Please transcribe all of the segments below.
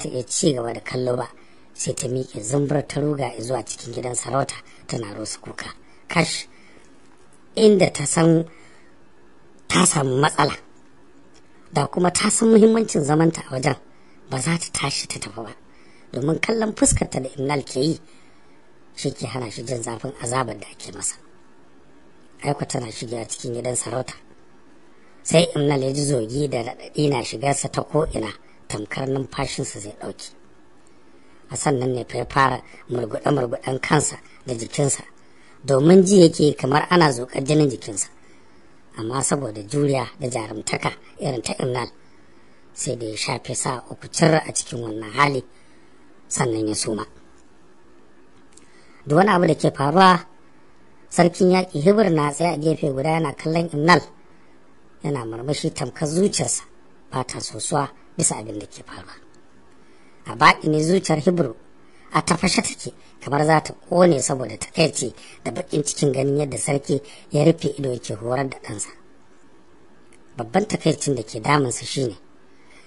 ta iya ci gaba da kallo ba sai ta miƙe zumbar ta ruga zuwa cikin gidan sarauta tana rusa kuka kash inda ta san ta samu matsala da kuma ta san muhimmancin zamanta a wajen ba za ta tashi ta tafi ba domin kallon fuskarta da imnal ke yi shi ke hana shi jin zafin azabar da ake masa aiko tana shiga cikin gidan sarauta sai imnal ya ji zogi da raɗaɗi na shigarsa ta ko'ina tamkar numfashinsa zai ɗauki a sannan ne ya fara murguɗe kansa da jikinsa domin ji yake kamar ana zokar jinin jikinsa amma saboda juriya da jarumtaka irin ta imnal sai da ya shafe sa uku cirra a cikin wannan hali sannan ya suma da wani abu da ke faruwa sarkin yaƙi hibir na tsaye a gefe guda yana kallon imnal yana murmushi tamkar zuciyarsa ba ta sosuwa bisa abin da ke faruwa a baƙi ne zuciyar Hibru a tafashe take kamar za ta kone saboda takaici da baƙin cikin ganin yadda sarki ya rufe ido yake horar da ɗansa babban takaicin da ke damunsa shine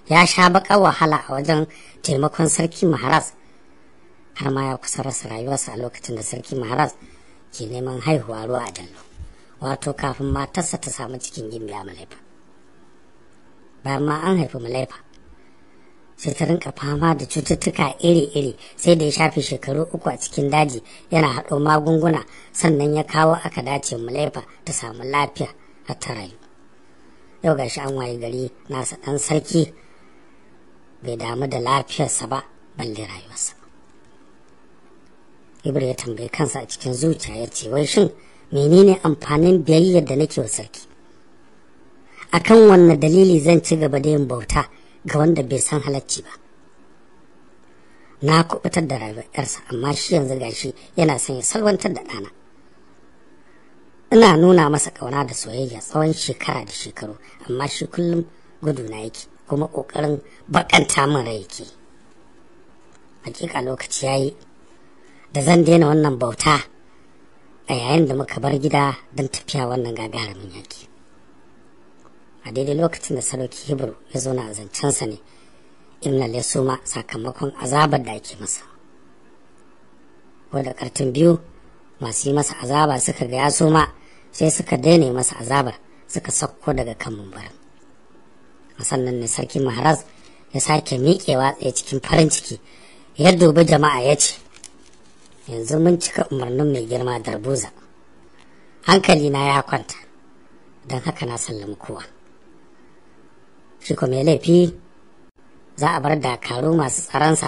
ya sha baƙar wahala a wajen taimakon sarki maharas har ma ya kusa rasa rayuwarsa a lokacin da sarki maharas ke neman haihuwa ruwa a dallo wato kafin matarsa ta samu cikin gimbiya malaifa bayan ma an haifi malaifa sai ta rinka fama da cututtuka iri-iri sai da ya shafi shekaru uku a cikin daji yana haɗo magunguna sannan ya kawo aka dace mulaifa ta samu lafiya a tarayi. yau gashi an waye gari nasa ɗan sarki bai damu da lafiyarsa ba balle rayuwarsa ibra ya tambayi kansa a cikin zuciya ya ce wai shin menene amfanin biyayyar da nake wa sarki akan wanne dalili zan ci gaba da yin bauta ga wanda bai san halacci ba na kubutar da rayuwarsa, amma shi yanzu gashi yana son ya salwantar da ɗana ina nuna masa ƙauna da soyayya tsawon shekara da shekaru amma shi kullum gudu na yake kuma ƙoƙarin bakanta min rai yake hakika lokaci ya yi da zan daina wannan bauta a yayin da muka bar gida don tafiya wannan gagarumin yaki a daidai lokacin da sarauki Hibru ya zauna a zancensa ne imnal ya suma sakamakon azabar da ake masa wadda kartin biyu masu yi masa azaba suka ga ya suma sai suka daina masa azabar suka sauko daga kan mumbarin sannan ne sarki maharaz ya sake miƙewa tsaye cikin farin ciki ya dubi jama'a ya ce yanzu mun cika umarnin mai girma darbuza hankali na ya kwanta don haka na sallama kowa shi kuma mai laifi za a bar dakaru masu tsaransa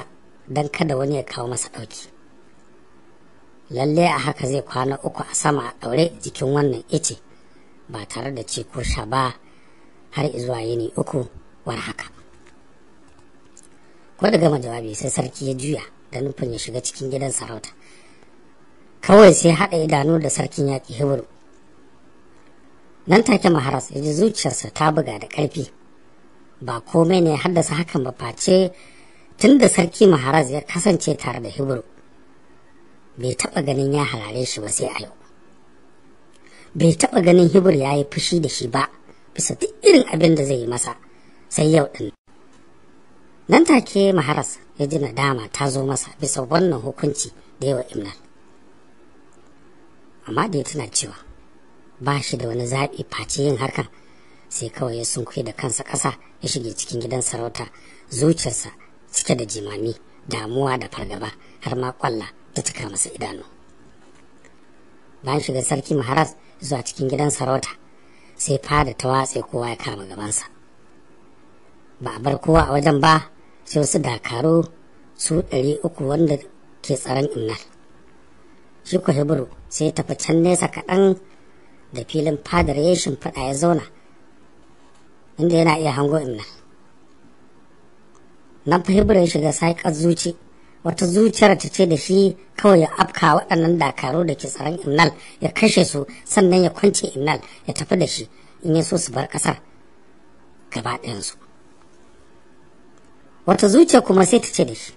don kada wani ya kawo masa ɗauki lalle a haka zai kwana uku a sama a ɗaure jikin wannan ice ba tare da ci ko sha ba har zuwa yini uku war haka ko da gama jawabi sai sarki ya juya da nufin ya shiga cikin gidan sarauta kawai sai haɗa idanu da sarkin yaƙi hibiru nan take maharas ya ji zuciyarsa ta buga da ƙarfi ba komai ne haddasa hakan ba face tun da sarki maharaz ya kasance tare da hibiru bai taɓa ganin ya halare shi ba sai a yau bai taba ganin hibir ya yi fushi da shi ba bisa duk irin abin da zai yi masa sai yau din nan take maharas ya ji nadama ta zo masa bisa wannan hukunci da yawa imnal amma da ya tana cewa ba shi da wani zaɓi face yin harkar. sai kawai ya sunkuye da kansa ƙasa ya shige cikin gidan sarauta zuciyarsa cike da jimami damuwa da fargaba har ma kwalla ta cika masa idanu bayan shiga sarki maharas zuwa cikin gidan sarauta sai fada ta watse kowa ya kama gabansa ba a bar kowa a wajen ba sai wasu dakaru su ɗari uku wanda ke tsaron innal shi ko sai tafi can nesa kaɗan da filin fadar ya shimfiɗa ya zauna inda yana iya hango imna nan fi hibirin ya shiga sakar zuci wata zuciyar ta ce da shi kawai ya afka waɗannan dakaru da ke tsaron imnal ya kashe su sannan ya kwance imnal ya tafi da shi in ya so su bar ƙasar gaba ɗayansu wata zuciya kuma sai ta ce da shi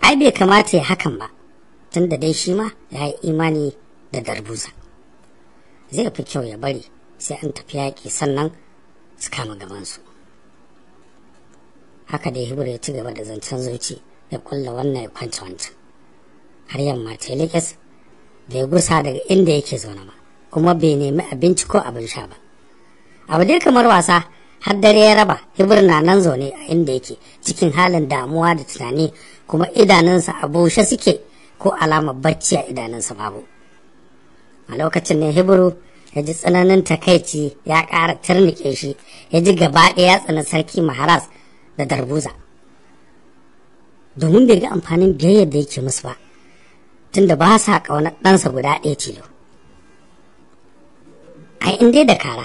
ai bai kamata ya hakan ba tun da dai shi ma ya yi imani da darbuza zai fi kyau ya bari sai an tafi yaƙi sannan su kama gabansu haka dai hibir ya ci gaba da zancen zuci ya kulla wannan ya kwanci wancan har yamma ta lekas bai gusa daga inda yake zaune ba kuma bai nemi abinci ko abin sha ba abu dai kamar wasa har dare ya raba hibir na nan zaune a inda yake cikin halin damuwa da tunani kuma idanunsa a bushe suke ko alamar bacci a idanunsa babu a lokacin ne hibiru ya ji tsananin takaici ya ƙara turnike shi ya ji gaba ɗaya ya tsani sarki maharas da darbuza domin bai ga amfanin biyayyar da yake musu ba tunda ba sa ƙaunar ɗansa guda ɗaya tilo a in dai da kara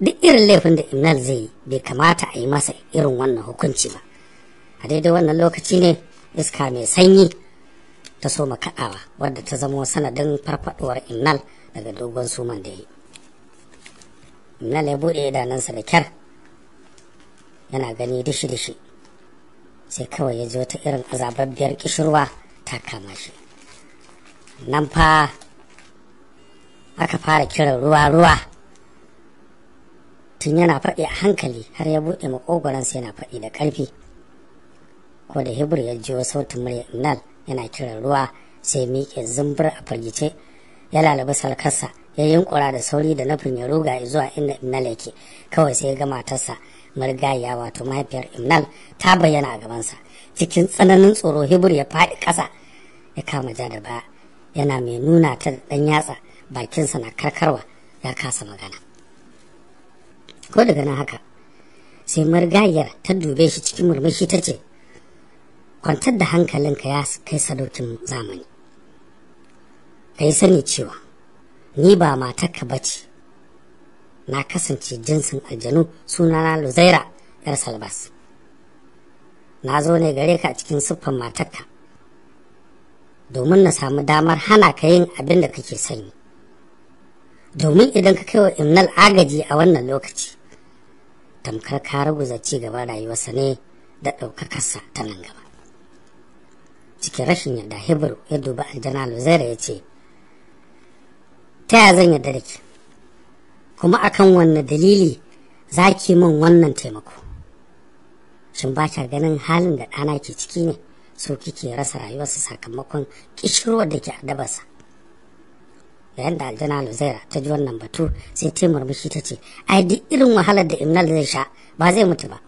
duk irin laifin da imnal zai yi bai kamata a yi masa irin wannan hukunci ba a daidai wannan lokaci ne iska mai sanyi ta so makaɗawa wadda ta zama sanadin farfaɗuwar imnal daga dogon suman da ya yi Bilal ya buɗe idanunsa da kyar yana gani dishi-dishi sai kawai ya ji wata irin azababbiyar kishirwa ta kama shi nan fa aka fara kiran ruwa-ruwa tun yana faɗi a hankali har ya buɗe makogoransa yana faɗi da ƙarfi ko da hibir ya jiyo sautin murya nan yana kiran ruwa sai miƙe zumbur a firgice ya lalaba salkarsa ya yunkura da sauri da nufin ya ruga zuwa inda imnal yake kawai sai ya ga matarsa marigayya wato mahaifiyar imnal ta bayyana a gabansa cikin tsananin tsoro hibir ya faɗi ƙasa ya kama ja da baya yana mai nuna ta ɗan yatsa bakinsa na karkarwa ya kasa magana ko daga nan haka sai marigayyar ta dube shi cikin murmushi ta ce kwantar da hankalinka ya kai sadokin zamani ka yi sani cewa ni ba matarka ba ce na kasance jinsin aljanu suna na luzaira yar salbas na zo ne gare ka a cikin siffan matarka domin na samu damar hana ka yin abin da kake sanyi domin idan ka kai wa imnal agaji a wannan lokaci tamkar ka ruguza ci gaba rayuwarsa ne da ɗaukakarsa ta nan gaba cikin rashin yadda hebrew ya duba aljana luzaira ya ce ta yaya zan yarda da ke kuma akan wanne dalili za ki min wannan taimako shin ba ka ganin halin da ɗana ke ciki ne so kike rasa rayuwarsa sakamakon kishirwar da ke adabarsa yayin da aljana luzaira ta ji wannan batu sai ta murmushi ta ce ai duk irin wahalar da imnal zai sha ba zai mutu ba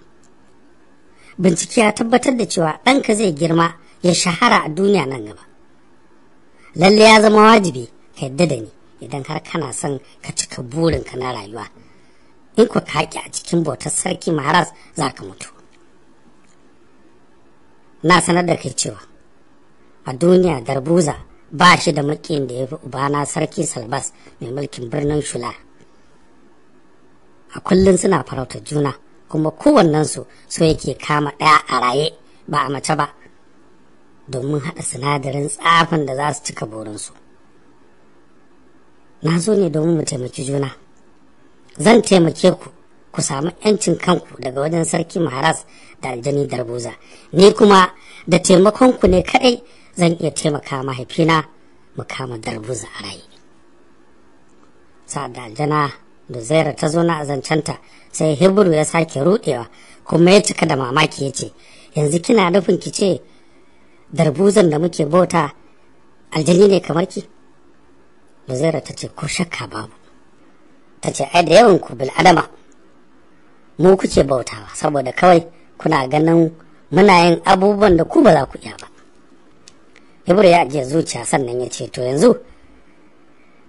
bincike ya tabbatar da cewa ɗanka zai girma ya shahara a duniya nan gaba lalle ya zama wajibi ka yadda da ni idan har kana son ka cika burinka na rayuwa in ku kaki a cikin bautar sarki maharas za ka mutu na sanar da kai cewa a duniya darbuza ba shi da makiyin da ya fi ubana sarki salbas mai mulkin birnin shula a kullum suna farautar juna kuma kowannensu so yake kama ɗaya a raye ba a mace ba domin haɗa sinadarin tsafin da za su cika burinsu. na so ne domin mu taimaki juna zan taimake ku ku samu yancin kanku daga wajen sarki maharas da aljani darbuza ni kuma da taimakon ku ne kadai zan iya taimaka mahaifina mu kama darbuza a rai sa'ad da aljana da zaira ta zo na zancenta sai hebru ya sake rudewa kuma ya cika da mamaki ya ce yanzu kina nufin ki ce darbuzan da muke bauta aljani ne kamar ki Huzaira ta ce ko shakka babu ta ce ai da yawan ku bil adama mu kuke bautawa saboda kawai kuna ganin muna yin abubuwan da ku ba za ku iya ba Ibro ya ajiye zuciya sannan ya ce to yanzu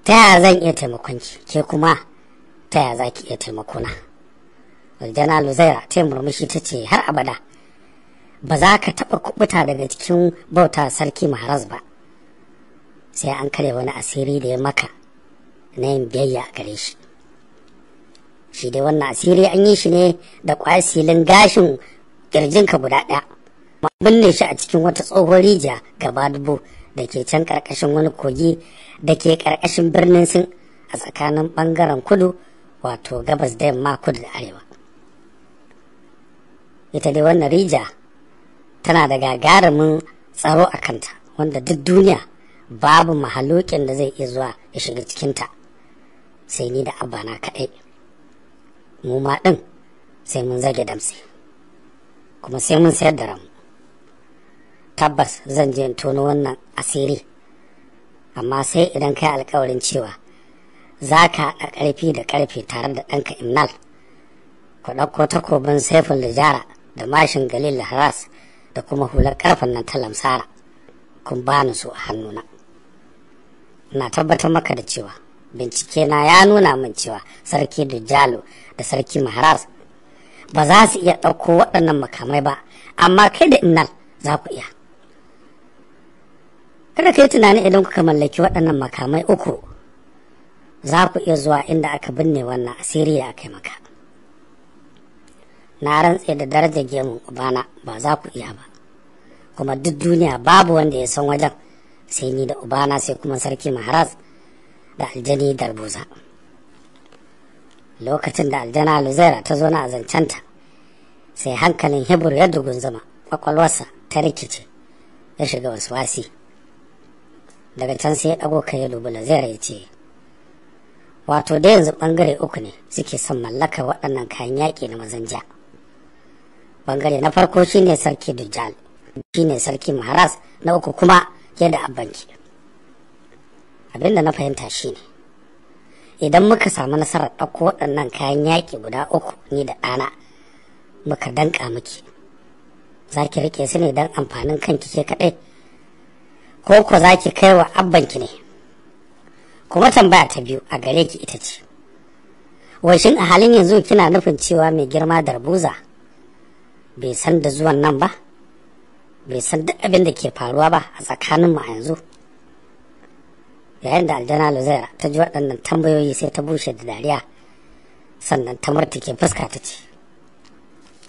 ta yaya zan iya taimakon ke kuma ta yaya za ki iya taimakona Aljana Luzaira ta murmushi ta ce har abada ba za ka taɓa kubuta daga cikin bauta sarki Maharaz ba sai an kare wani asiri da ya maka na yin biyayya a gare shi shi dai wannan asiri an yi shi ne da kwasilin gashin ka guda ɗaya ma binne shi a cikin wata tsohon rijiya gaba dubu da ke can karkashin wani kogi da ke ƙarƙashin birnin sin a tsakanin bangaren kudu wato gabas da yamma kudu da arewa ita dai wannan rijiya tana da gagarumin tsaro a kanta wanda duk duniya babu mahalokin da zai iya zuwa ya shiga cikinta sai ni da abana kaɗai mu ma ɗin sai mun zage damse kuma sai mun sayar da ramu tabbas zan je in tono wannan asiri amma sai idan kai alkawarin cewa za ka haɗa ƙarfi da ƙarfe tare da ɗanka imnal ku ɗauko takobin saifin lijara da mashin galil haras da kuma hular ƙarfen nan ta lamsara kun bani su a hannuna. na tabbatar maka da cewa bincike na ya nuna min cewa sarki da jalo da sarki maharas ba za su iya ɗauko waɗannan makamai ba amma kai da innal za ku iya kada ka yi tunani idan kuka mallaki waɗannan makamai uku za ku iya zuwa inda aka binne wannan asiri da kai maka na rantse da darajar gemun ubana ba za ku iya ba kuma duk duniya babu wanda ya san wajen sai ni da ubana sai kuma sarki maharaz da aljani darbuza lokacin da aljana luzaira ta zo na azancanta sai hankalin hebur ya zama kwakwalwarsa ta rikice ya shiga wasu wasi daga can sai ya ɗago kai ya dubi luzaira ya ce wato da yanzu bangare uku ne suke son mallakar waɗannan kayan yaƙi na mazanja ɓangare na farko shine sarki dujjal shine sarki maharas na uku kuma yadda da abbanki abin na fahimta shine idan muka samu nasarar ɗauko waɗannan kayan yaƙi guda uku ni da ɗana muka danƙa miki za ki rike su ne don amfanin kanki ke kaɗai ko ko za ki kai wa abbanki ne kuma tambaya ta biyu a gare ki ita ce washin a halin yanzu kina nufin cewa mai girma darbuza bai san da zuwan nan ba bai san duk abin da ke faruwa ba a tsakanin mu a yanzu yayin da aljana luzaira ta ji waɗannan tambayoyi sai ta bushe da dariya sannan ta ke fuska ta ce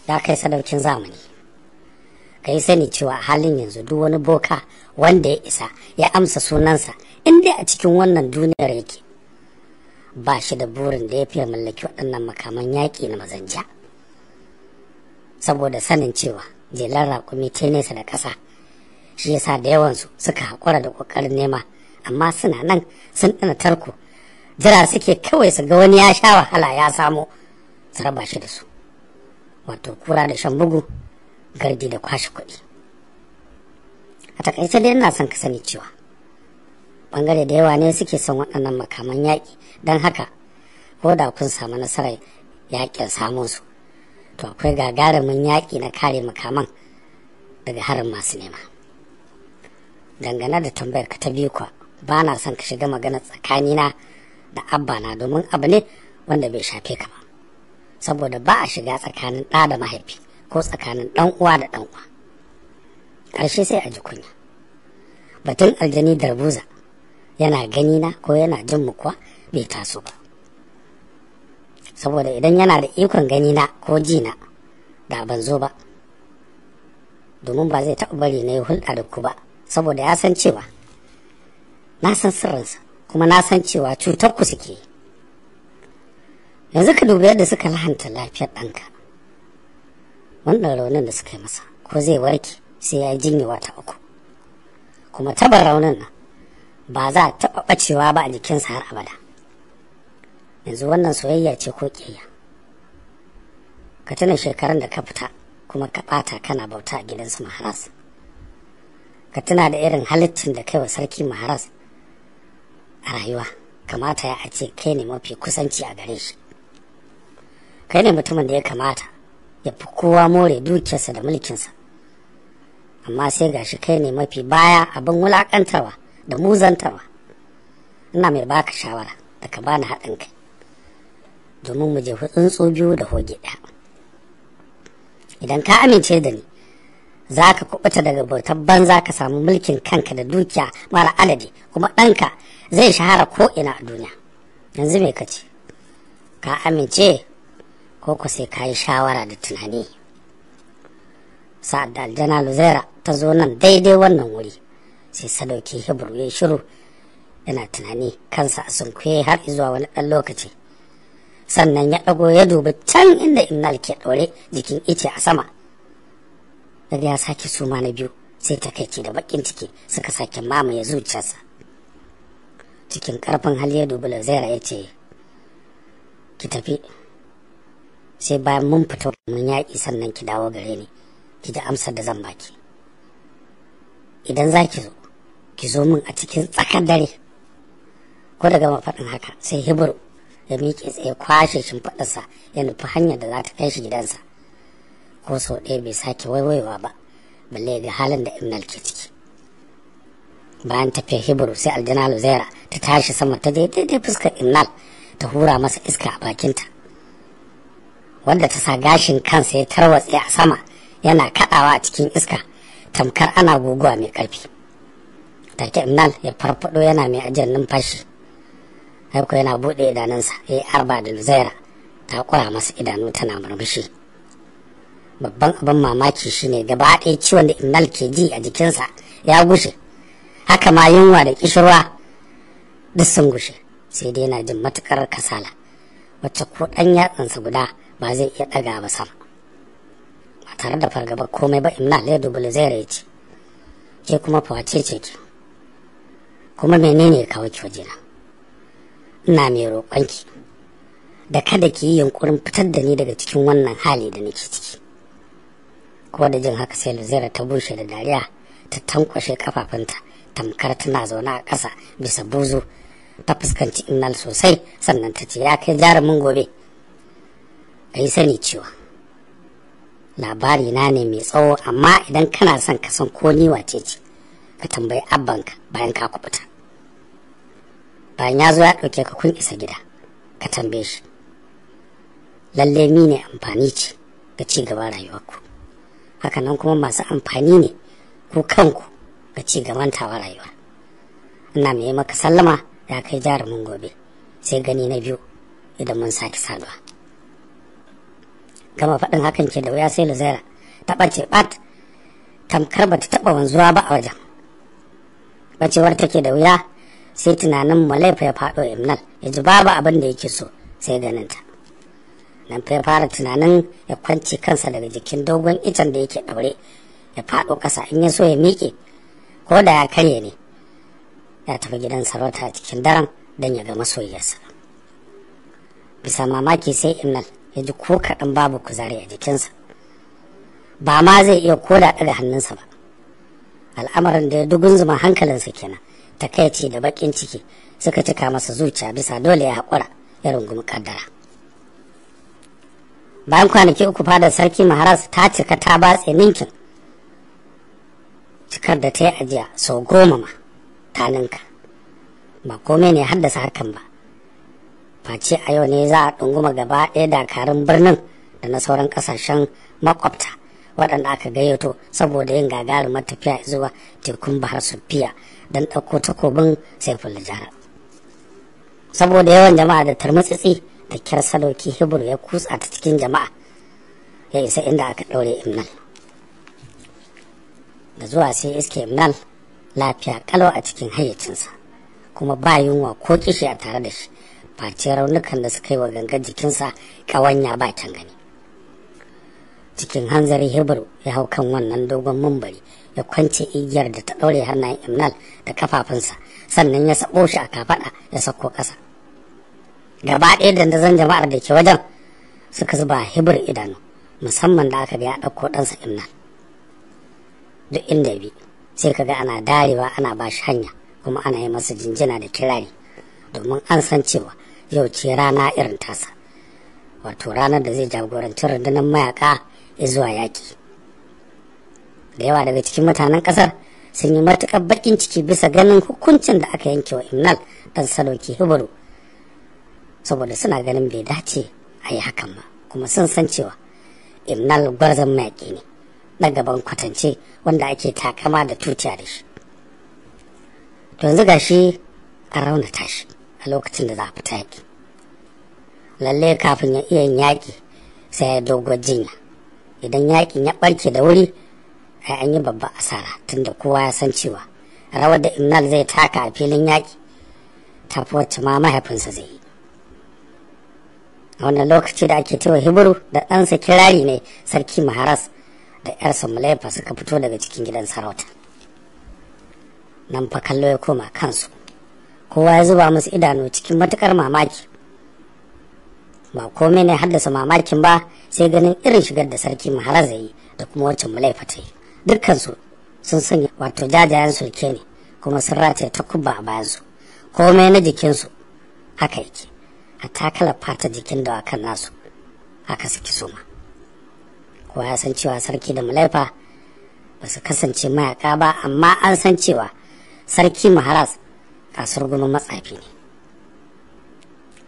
ya kai sadaukin zamani ka yi sani cewa a halin yanzu duk wani boka wanda ya isa ya amsa sunansa in a cikin wannan duniyar yake ba shi da burin da ya fiye mallaki waɗannan makaman yaƙi na mazanja saboda sanin cewa jelar rakumi ce nesa da ƙasa shi yasa da yawansu suka haƙura da ƙoƙarin nema amma suna nan sun ɗana tarko jira suke kawai su ga wani ya sha wahala ya samo su raba shi da su wato kura da shan bugu gardi da kwashe kuɗi a takaice dai ina son ka sani cewa bangare da yawa ne suke son waɗannan makaman yaƙi don haka ko da kun samu nasarar yaƙin samun su to akwai gagarumin yaƙi na kare makaman daga harin masu nema dangane da tambayar ka ta biyu kuwa ba na son ka shiga magana tsakanina da abba na domin abu ne wanda bai shafe ka ba saboda ba a shiga tsakanin ɗa da mahaifi ko tsakanin ɗan uwa da ɗan uwa ƙarshe sai a ji kunya batun aljani darbuza yana ganina ko yana jin mu kuwa bai taso ba saboda idan yana da ikon gani na ko ji na da ban zo ba domin ba zai taɓa bari na yi hulɗa da ku ba saboda ya san cewa na san sirrinsa kuma na san cewa cutar ku suke yanzu ka dubi yadda suka lahanta lafiyar ɗanka wannan raunin da suka yi masa ko zai warke sai ya yi jinyewa ta uku kuma tabar raunin nan ba za a taɓa ɓacewa ba a jikinsa har abada yanzu wannan soyayya ce ko ƙiyayya ka tuna shekarun da ka fita kuma ka ɓata kana bauta a gidansa maharas ka tuna da irin halittin da kai wa sarki maharas a rayuwa kamata ya ce kai ne mafi kusanci a gare shi kai ne mutumin da ya kamata ya fi kowa more dukiyarsa da mulkinsa amma sai gashi kai ne mafi baya abin wulakantawa da muzantawa ina mai baka shawara da ka bani haɗin kai domin mu je tsuntsu biyu da hoge ɗaya idan ka amince da ni za ka kubuta daga bautar banza ka samu mulkin kanka da dukiya mara alade kuma ɗanka zai shahara ko ina a duniya yanzu me ka ce ka amince ko ku sai ka yi shawara da tunani sa'ad da aljana luzera ta zo nan daidai wannan wuri sai sadauki hebru ya shiru yana tunani kansa a sunkuye har zuwa wani ɗan lokaci sannan ya ɗago ya dubi can inda innal ke ɗore jikin ice a sama daga ya sake suma na biyu sai ta ce da bakin ciki suka sake mamaye zuciyarsa cikin ƙarfin hali ya dubi lazera ya ce ki tafi sai bayan mun fito mun yaƙi sannan ki dawo gare ni ki ji amsar da zan baki idan za ki zo ki zo min a cikin tsakar dare ko daga mafaɗin haka sai hibiru ya miƙe tsaye kwashe shimfiɗarsa ya nufi hanyar da za ta kai shi gidansa ko sau ɗaya bai sake waiwaiwa ba balle ga halin da imnal ke ciki bayan tafiya hibiru sai aljana luzera ta tashi sama ta daidai fuskar imnal ta hura masa iska a bakinta wanda ta sa gashin kansa ya tarwatse a sama yana kaɗawa a cikin iska tamkar ana guguwa mai ƙarfi take imnal ya farfado yana mai ajiyar numfashi haiko yana buɗe idanunsa ya yi arba da luzaira ta kura masa idanu tana murmushi babban abin mamaki shine gaba ɗaya ciwon da imnal ke ji a jikinsa ya gushe haka ma yunwa da kishirwa duk sun gushe sai dai yana jin matukar kasala wacce ko ɗan yatsansa guda ba zai iya ɗaga ba sam ba tare da fargabar komai ba imnal ya dubu luzaira ya ce ke kuma fawace ce ki kuma menene kawo ki wajena ina mai roƙonki da kada ki yi yunkurin fitar da ni daga cikin wannan hali da nake ciki ko da jin haka sai luzera ta bushe da dariya ta tankwashe kafafunta tamkar tana zaune a ƙasa bisa buzu ta fuskanci innal sosai sannan ta ce ya kai jarumin gobe ka yi sani cewa labari na ne mai tsawo amma idan kana son ka san ko ni wace ce ka tambayi abbanka bayan ka kubuta bayan ya zo ya ɗauke ka kun isa gida ka tambaye shi lalle ni ne amfani ce ga ci gaban rayuwarku hakanan kuma masu amfani ne ku kanku ga ci gaban tawa rayuwa ina mai maka sallama ya kai jarumin gobe sai gani na biyu idan mun sake saduwa gama faɗin hakan ke da wuya sai luzaira ta ɓace ɓat tamkar ba ta taɓa wanzuwa ba a wajen bacewar take da wuya sai tunanin malaifa ya faɗo imnal ya ji babu abin da yake so sai ganinta nan fa ya fara tunanin ya kwanci kansa daga jikin dogon icen da yake ɗaure ya faɗo ƙasa in ya so ya miƙe ko da ya karye ne ya tafi gidan sarauta a cikin daren don ya ga masoyiyarsa bisa mamaki sai imnal ya ji ko kaɗan babu kuzari a jikinsa ba ma zai iya koda ɗaga hannunsa ba al'amarin da ya dugun zuma hankalinsa kenan takaici da bakin ciki suka cika masa zuciya bisa dole ya haƙura ya rungumi kaddara bayan kwanaki uku fada sarki maharas ta cika ta batse ninkin cikar da ta yi ajiya sau goma ma ta ninka ba kome ne haddasa hakan ba face a yau ne za a ɗunguma gaba ɗaya dakarun birnin da na sauran ƙasashen makwabta waɗanda aka gayyato saboda yin gagarumar tafiya zuwa tekun bahar sufiya don ɗauko takobin saiful jihar saboda yawan jama'a da tarmatsitsi da kyar saloki hibir ya kutsa ta cikin jama'a ya isa inda aka ɗaure imnal da zuwa sai iske imnal lafiya kalau a cikin hayyacinsa kuma ba yunwa ko kishi a tare da shi face raunukan da suka yi wa gangan jikinsa ƙawanya ba can gani cikin hanzari hebron ya hau kan wannan dogon mumbari ya kwance igiyar da ta ɗaure hannayen imnal da kafafunsa sannan ya sabo shi a kafaɗa ya sako ƙasa gaba ɗaya da dandazon jama'ar da ke wajen suka zuba hebru idanu musamman da aka biya ɗauko ɗansa imnal duk inda bi sai kaga ana darewa ana ba shi hanya kuma ana yi masa jinjina da kirari domin an san cewa yau ce rana irin tasa wato ranar da zai jagoranci rundunar mayaka zuwa yaƙi da yawa daga cikin mutanen ƙasar sun yi matuƙar baƙin ciki bisa ganin hukuncin da aka yanke wa imnal ɗan saloki hibiru saboda suna ganin bai dace a yi hakan ba kuma sun san cewa imnal gwarzon mayaƙi ne na gaban kwatance wanda ake takama da tuciya da shi to yanzu ga shi a raunata shi a lokacin da za a fita yaƙi lalle kafin ya iya yin yaƙi sai ya dogon jinya idan yakin ya barke da wuri ai an yi babba asara tunda kowa ya san cewa rawar da imnal zai taka a filin yaki fi wacce ma mahaifinsa zai yi a wannan lokaci da ake cewa hibiru da ɗansa kirari ne sarki maharas da yarsa mulaifa suka fito daga cikin gidan sarauta nan fa kallo ya koma kansu kowa ya zuba musu idanu cikin matukar mamaki ba komai ne haddasa mamakin ba sai ganin irin shigar da sarki maharaza yi da kuma wancan mulai ta yi dukkansu sun sanya wato jajayen sulke ne kuma sun rataye ta kubba a bayansu komai na jikinsu haka yake a takala fata jikin da dawakan nasu haka suke ma. kowa ya san cewa sarki da mulaifa ba su kasance mayaka ba amma an san cewa sarki maharas kasurgumin matsafi ne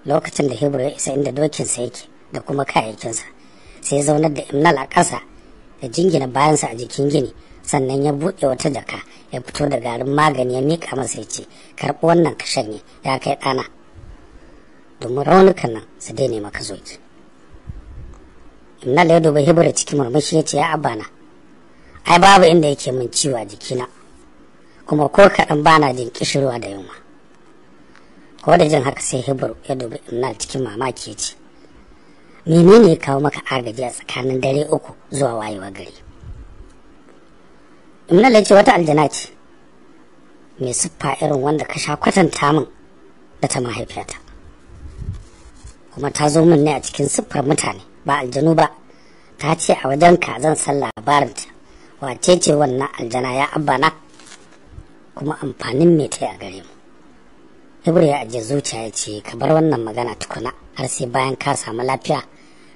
lokacin da hebron ya isa inda dokinsa yake da kuma kayayyakinsa sai ya zaunar da imnal a ƙasa da jingina bayansa a jikin gini sannan ya buɗe wata jaka ya fito da garin magani ya miƙa masa ya ce karɓi wannan ka shanye ya kai ɗana domin raunukan nan su daina maka zoki imnal ya duba hebron cikin murmushi ya ce ya abana ai babu inda yake min ciwo a jikina kuma ko kaɗan bana jin kishirwa da yunwa da jin haka sai hebron ya dubi inna cikin mamaki ya ce menene ya kawo maka agaji a tsakanin dare uku zuwa wayewa gari imnal ya ce wata aljana ce mai siffa irin wanda ka sha kwatanta min da ta mahaifiyata kuma ta zo min ne a cikin siffar mutane ba aljanu ba ta ce a wajenka zan san labarinta wace ce wannan aljana ya abana kuma amfanin mai ta a gare mu Ibro ya ajiye zuciya ya ce ka bar wannan magana tukuna har sai bayan ka samu lafiya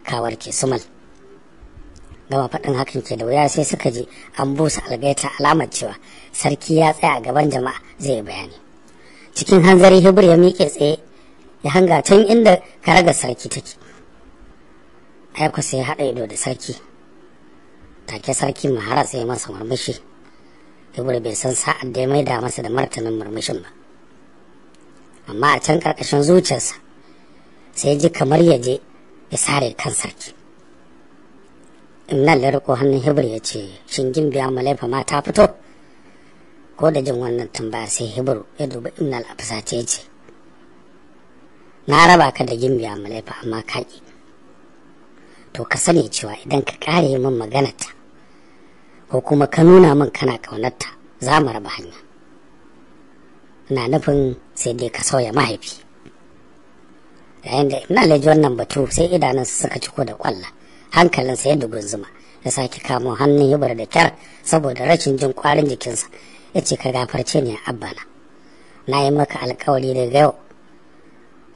ka warke sumal. Gama faɗin hakan ke da wuya sai suka ji an busa algaita alamar cewa sarki ya tsaya a gaban jama'a zai bayani. Cikin hanzari Hibir ya miƙe tsaye ya hanga can inda raga sarki take. Aiko sai haɗa ido da sarki. Take sarki mahara sai masa murmushi. Hibir bai san sa'ad da ya maida masa da martanin murmushin ba. amma a can karkashin zuciyarsa sai ji kamar ya je ya sare kan sarki nan riko hannun hibir ya ce shingin biya malaifa ma ta fito ko da jin wannan tambaya sai hibir ya dubi innal afisace ya ce na raba ka da gimbiya malaifa amma kaki to ka sani cewa idan ka kare min maganarta ko kuma ka nuna min kana ƙaunarta za mu raba hanya na nufin sai dai ka sauya mahaifi yayin da ina alhaji wannan batu sai idanunsa suka ciko da kwalla hankalinsa da gunzuma ya sake kamo hannun hibar da kyar saboda rashin jin kwarin jikinsa ya ce ka gafarce ne abbana na yi maka alkawari daga yau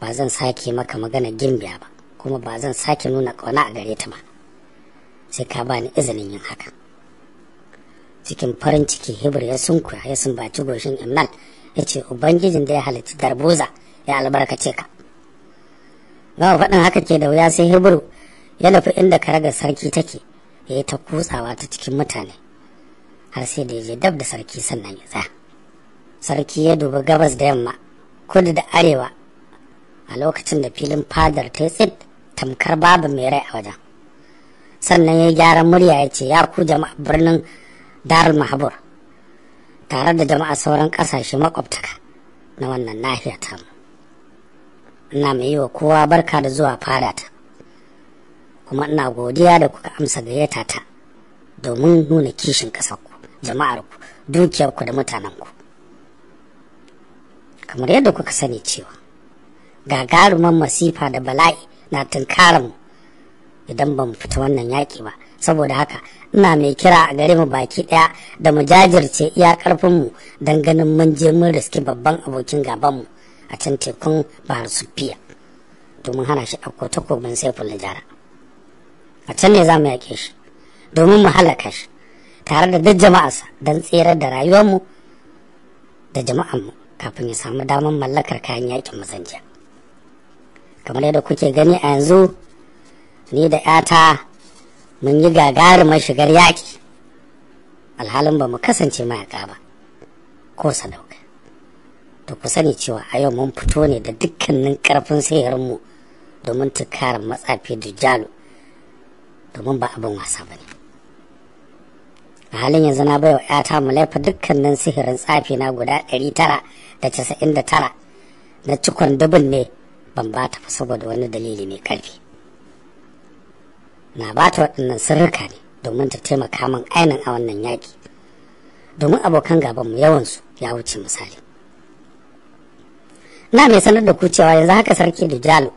ba zan sake maka magana gimbiya ba kuma ba zan sake nuna ƙauna a gare ta ba sai ka bani izinin yin haka cikin farin ciki hibir ya sunkuya ya sumbaci goshin imnal ya ce ubangijin da ya halitta darbuza ya albarkace ka gawa faɗin haka ke da wuya sai hebru ya nufi inda ka karagar sarki take ya yi ta kutsawa ta cikin mutane har sai da ya je dab da sarki sannan ya tsaya sarki ya dubi gabas da yamma kudu da arewa a lokacin da filin fadar ta tsit tamkar babu mai rai a wajen sannan ya gyaran murya ya ce ya ku jama'a birnin darul mahabur tare da jama'a sauran ƙasashe makwabtaka na wannan nahiya ta ina mai yi wa kowa barka da zuwa fada ta kuma ina godiya da kuka amsa gayyata ta domin nuna kishin ƙasarku jama'arku dukiyarku da mutanenku kamar yadda kuka sani cewa gagaruman masifa da bala'i na mu idan ba fita wannan yaƙi ba saboda haka ina mai kira a gare mu baki daya da mu jajirce iya mu don ganin mun je mun riski babban abokin gaban mu a can tekun bahar sufiya mun hana shi ɗauko takobin saiful jara a can ne za mu yaƙe shi domin mu halaka shi tare da duk jama'arsa don tsere da rayuwar mu da jama'armu kafin ya samu damar mallakar kayan yakin mazanja kamar yadda kuke gani a yanzu ni da 'yata mun yi gagarumar shigar yaƙi alhalin ba mu kasance mayaka ba ko sadauka to ku sani cewa a yau mun fito ne da dukkanin ƙarfin sihirinmu domin tukara matsafi da jalo domin ba abin wasa ba ne a halin yanzu na bai wa 'yata mu laifa dukkanin sihirin tsafi na guda 999 na cikon dubin ne ban ba ta fa saboda wani dalili mai karfi na ba ta waɗannan sirrika ne domin ta taimaka min ainin a wannan yaƙi domin abokan gabanmu yawansu ya wuce misali na mai sanar da ku cewa yanzu haka sarki da jalo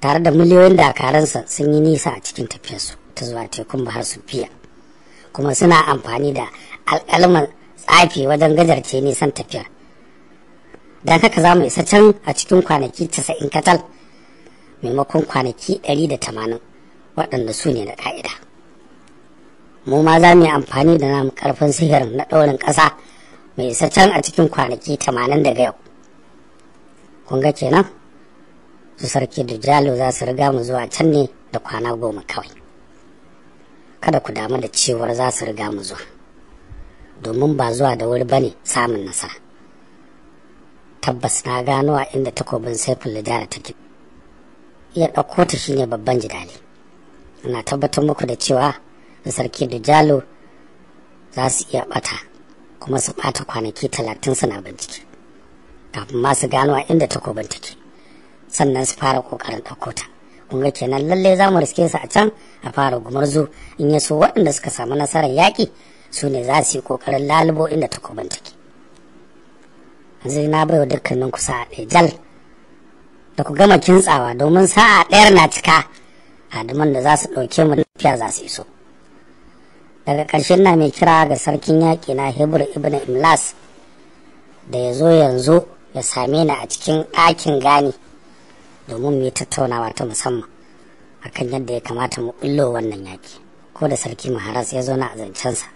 tare da miliyoyin dakaransa sun yi nisa a cikin tafiyarsu ta zuwa tekun bahar fiya kuma suna amfani da alƙalman tsafi wajen gajarce nisan tafiyar don haka za mu isa can a cikin kwanaki 90 katal maimakon kwanaki 180 waɗanda su ne na ƙa'ida mu ma za mu yi amfani da namu ƙarfin sihirin na ɗaurin ƙasa mai isa can a cikin kwanaki tamanin daga yau kun ga kenan su sarki da jalo za su riga mu zuwa can ne da kwana goma kawai kada ku damu da cewar za su riga mu zuwa domin ba zuwa da wuri ba ne samun nasara tabbas na gano a inda takobin saifin lidara take iya ɗauko ta shine babban jidali ana tabbatar muku da cewa sarki da jalo za su iya bata kuma su bata kwanaki talatin suna bincike kafin ma su gano a inda takobin take sannan su fara kokarin ɗauko ta kun ga kenan lallai za mu riske su a can a fara gumurzu in yaso waɗanda suka samu nasarar yaƙi su ne za su yi kokarin lalubo inda takobin take yanzu na bai wa dukkanin kusa a ɗaya jal da ku gama kintsawa domin sa'a ɗayar na cika adaman da za su ɗauke mu lafiya za su iso daga ƙarshen na mai kira ga sarkin yaƙi na hebur ibn imlas da ya zo yanzu ya same ni a cikin ɗakin gani domin mu yi tattaunawa ta musamman akan yadda ya kamata mu ɓullo wannan yaƙi ko da sarki maharas ya zo na zancensa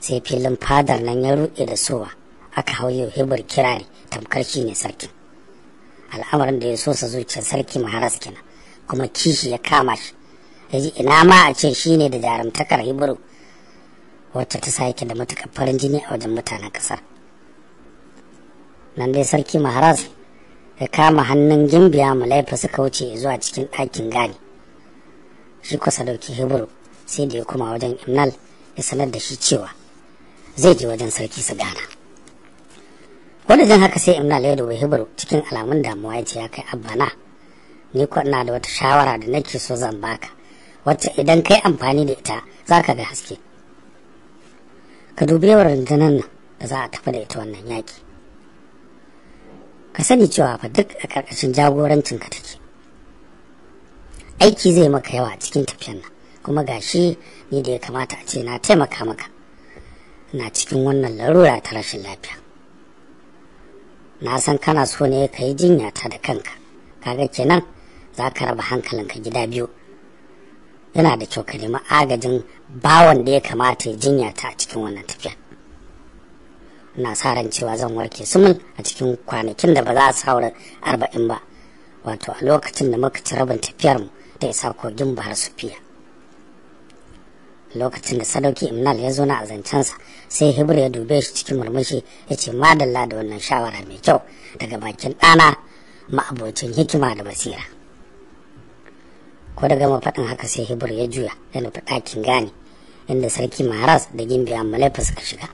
sai filin fadar nan ya ruɗe da sowa aka hau yau hebur kirari tamkar shi ne sarkin al'amarin da ya so sa zuciyar sarki maharas kenan kuma kishi ya kama shi ya ji ina ma a ce shi ne da jarumtakar hibiru wacce ta sake da matukar farin jini a wajen mutanen ƙasar? nan dai sarki maharas ya kama hannun gimbiya mu laifin suka wuce zuwa cikin ɗakin gani shi kusa dauki hibiru sai da ya kuma wajen imnal ya sanar da shi cewa zai je wajen sarki su gana wadda jan haka sai imnal ya dubi hibiru cikin alamun damuwa ya ce ya kai abba na ni na da wata shawara da nake so zan baka wacce idan kai amfani da ita za ka ga haske ka dubi yawan rundunar nan da za a tafi da ita wannan yaƙi ka sani cewa fa duk a ƙarƙashin jagorancin ka take aiki zai maka yawa a cikin tafiyan nan kuma gashi ni da ya kamata a ce na taimaka maka na cikin wannan larura ta rashin lafiya na san kana so ne ka yi jinya ta da kanka kaga kenan za ka raba ka gida biyu yana da kyau ka nemi agajin bawon da ya kamata ya jinya ta a cikin wannan tafiya ina sa ran cewa zan warke sumul a cikin kwanakin da ba za su haura arba'in ba wato a lokacin da muka ci rabin mu ta isa kogin bahar sufiya lokacin da sadauki imnal ya zo na a zancensa sai hibir ya dube shi cikin murmushi ya ce madalla da wannan shawara mai kyau daga bakin ɗana ma'abocin hikima da basira ko da gama faɗin haka sai hibir ya juya ya nufi ɗakin gani inda sarki maharas da gimbiya malefa suka shiga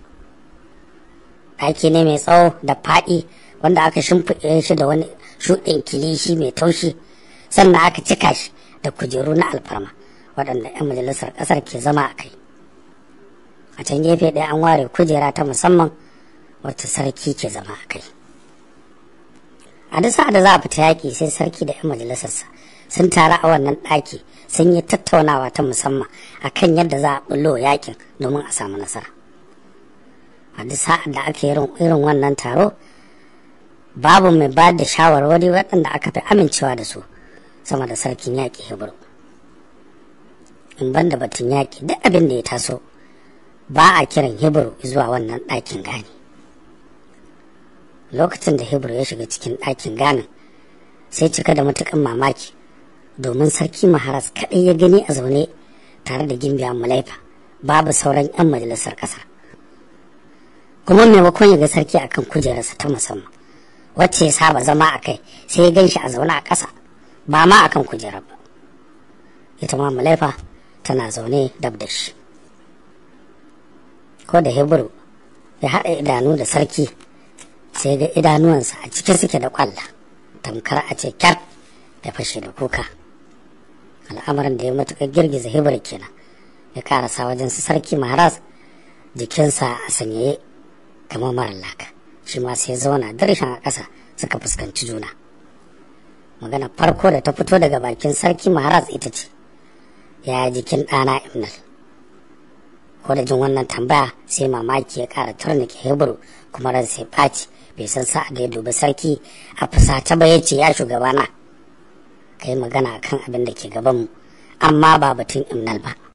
ɗaki ne mai tsawo da faɗi wanda aka shimfiɗe shi da wani shuɗin kilishi mai taushi sannan aka cika shi da kujeru na alfarma waɗanda 'yan majalisar ƙasar ke zama a kai a can gefe ɗaya an ware kujera ta musamman wacce sarki ke zama a kai a duk da za a fita yaƙi sai sarki da 'yan majalisarsa sun taru a wannan ɗaki sun yi tattaunawa ta musamman a kan yadda za a bullo yakin domin a samu nasara a duk sa'ad da aka yi irin wannan taro babu mai ba da shawarwari waɗanda aka fi amincewa da su sama da sarkin yaƙi hebron in banda batun yaƙi duk abin da ya taso ba a kiran hebron zuwa wannan ɗakin gani lokacin da hebron ya shiga cikin ɗakin ganin sai cika da matuƙin mamaki domin sarki maharas kaɗai ya gani a zaune tare da gimbiya malaifa babu sauran 'yan majalisar ƙasa kuma maimakon ya ga sarki akan kujerarsa ta musamman wacce ya saba zama a kai sai ya ganshi a zaune a ƙasa ba ma akan kujerar ba ita ma malaifa tana zaune dab da shi ko da hebru ya haɗa idanu da sarki sai ga idanuwansa a cike suke da ƙwalla tamkar a ce kyar da fashe da kuka al'amarin da ya matuƙar girgiza hibar kenan ya karasa wajen su sarki maharas jikinsa a sanyaye kamar mara laka shi ma sai zauna darshen a ƙasa suka fuskanci juna magana farko da ta fito daga bakin sarki maharas ita ce ya jikin ɗana imnal ko da jin wannan tambaya sai mamaki ya ƙara turnike hebru kuma ran sai ɓaci bai san sa'a da ya dubi sarki a fusata ba ya ce ya shugabana ka yi magana kan abin da ke gabanmu amma ba batun imnal ba